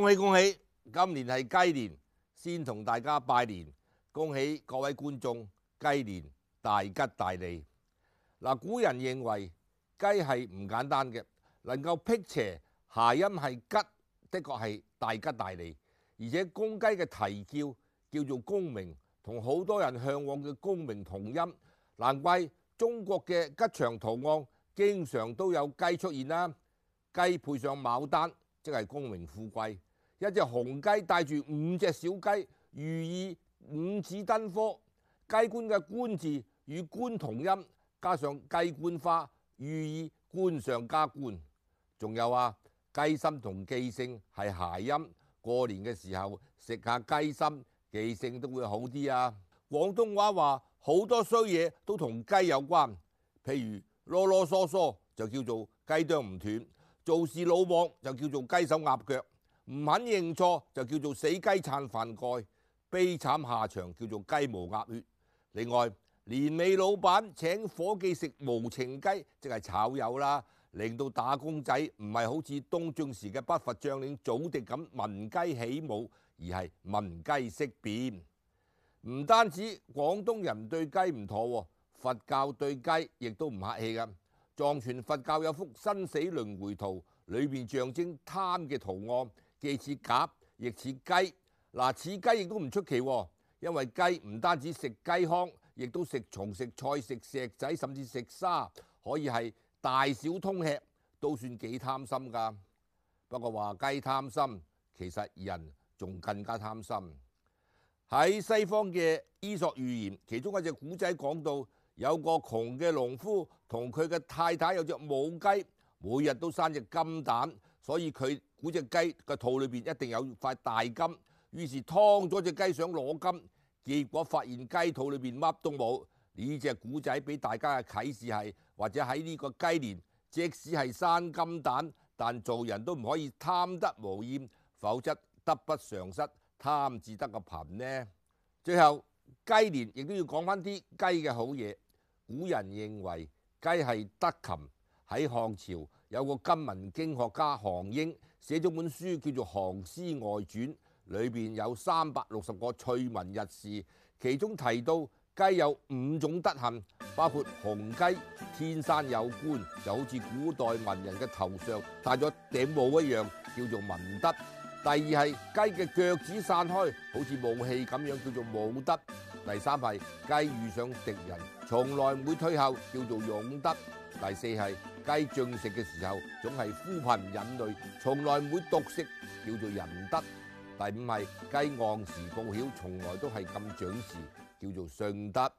恭喜恭喜！今年係雞年，先同大家拜年，恭喜各位觀眾雞年大吉大利。嗱，古人認為雞係唔簡單嘅，能夠辟邪，諧音係吉，的確係大吉大利。而且公雞嘅啼叫叫做功名，同好多人向往嘅功名同音，難怪中國嘅吉祥圖案經常都有雞出現啦。雞配上牡丹，即係功名富貴。一隻雄雞帶住五隻小雞，寓意五子登科。雞冠嘅冠字與冠同音，加上雞冠花，寓意官上加官。仲有啊，雞心同記性係諧音，過年嘅時候食下雞心，記性都會好啲啊！廣東話話好多衰嘢都同雞有關，譬如囉囉嗦嗦就叫做雞啄唔斷，做事魯莽就叫做雞手鴨腳。唔肯認錯就叫做死雞撐飯蓋，悲慘下場叫做雞毛鴨血。另外，年尾老闆請伙計食無情雞，即係炒魷啦，令到打工仔唔係好似東晉時嘅北伐將領祖逖咁聞雞起舞，而係聞雞識變。唔單止廣東人對雞唔妥喎，佛教對雞亦都唔客氣㗎。藏傳佛教有幅生死輪迴圖，裏面象徵貪嘅圖案。既似鴿，亦似雞。嗱、啊，似雞亦都唔出奇、哦，因為雞唔單止食雞糠，亦都食蟲、食菜、食石仔，甚至食沙，可以係大小通吃，都算幾貪心噶。不過話雞貪心，其實人仲更加貪心。喺西方嘅伊索寓言，其中一隻古仔講到，有個窮嘅農夫同佢嘅太太有隻母雞，每日都生隻金蛋，所以佢，估隻雞個肚裏面一定有塊大金，於是劏咗隻雞想攞金，結果發現雞肚裏面乜都冇。呢隻古仔俾大家嘅啟示係，或者喺呢個雞年，即使係生金蛋，但做人都唔可以貪得無厭，否則得不償失，貪至得個貧呢。最後雞年亦都要講翻啲雞嘅好嘢。古人認為雞係德禽，喺漢朝有個金文經學家韓英，寫咗本書叫做《韓詩外傳》，裏面有三百六十個趣聞日事，其中提到雞有五種德行，包括雄雞天生有冠，就好似古代文人嘅頭上戴咗頂帽一樣，叫做文德；第二係雞嘅腳趾散開，好似武器咁樣，叫做武德；第三係雞遇上敵人，從來唔會退後，叫做勇德；第四係。雞進食嘅時候總係呼朋引類，從來唔會獨食，叫做仁德。第五係雞按時報曉，從來都係咁準時，叫做信德。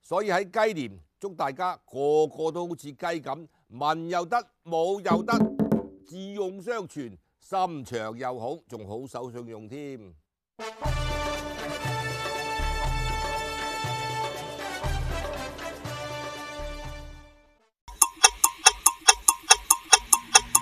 所以喺雞年，祝大家個個都好似雞咁，文又得，武又得，智勇雙全，心腸又好，仲好守信用添。